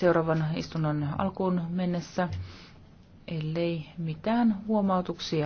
seuraavan istunnon alkuun mennessä, ellei mitään huomautuksia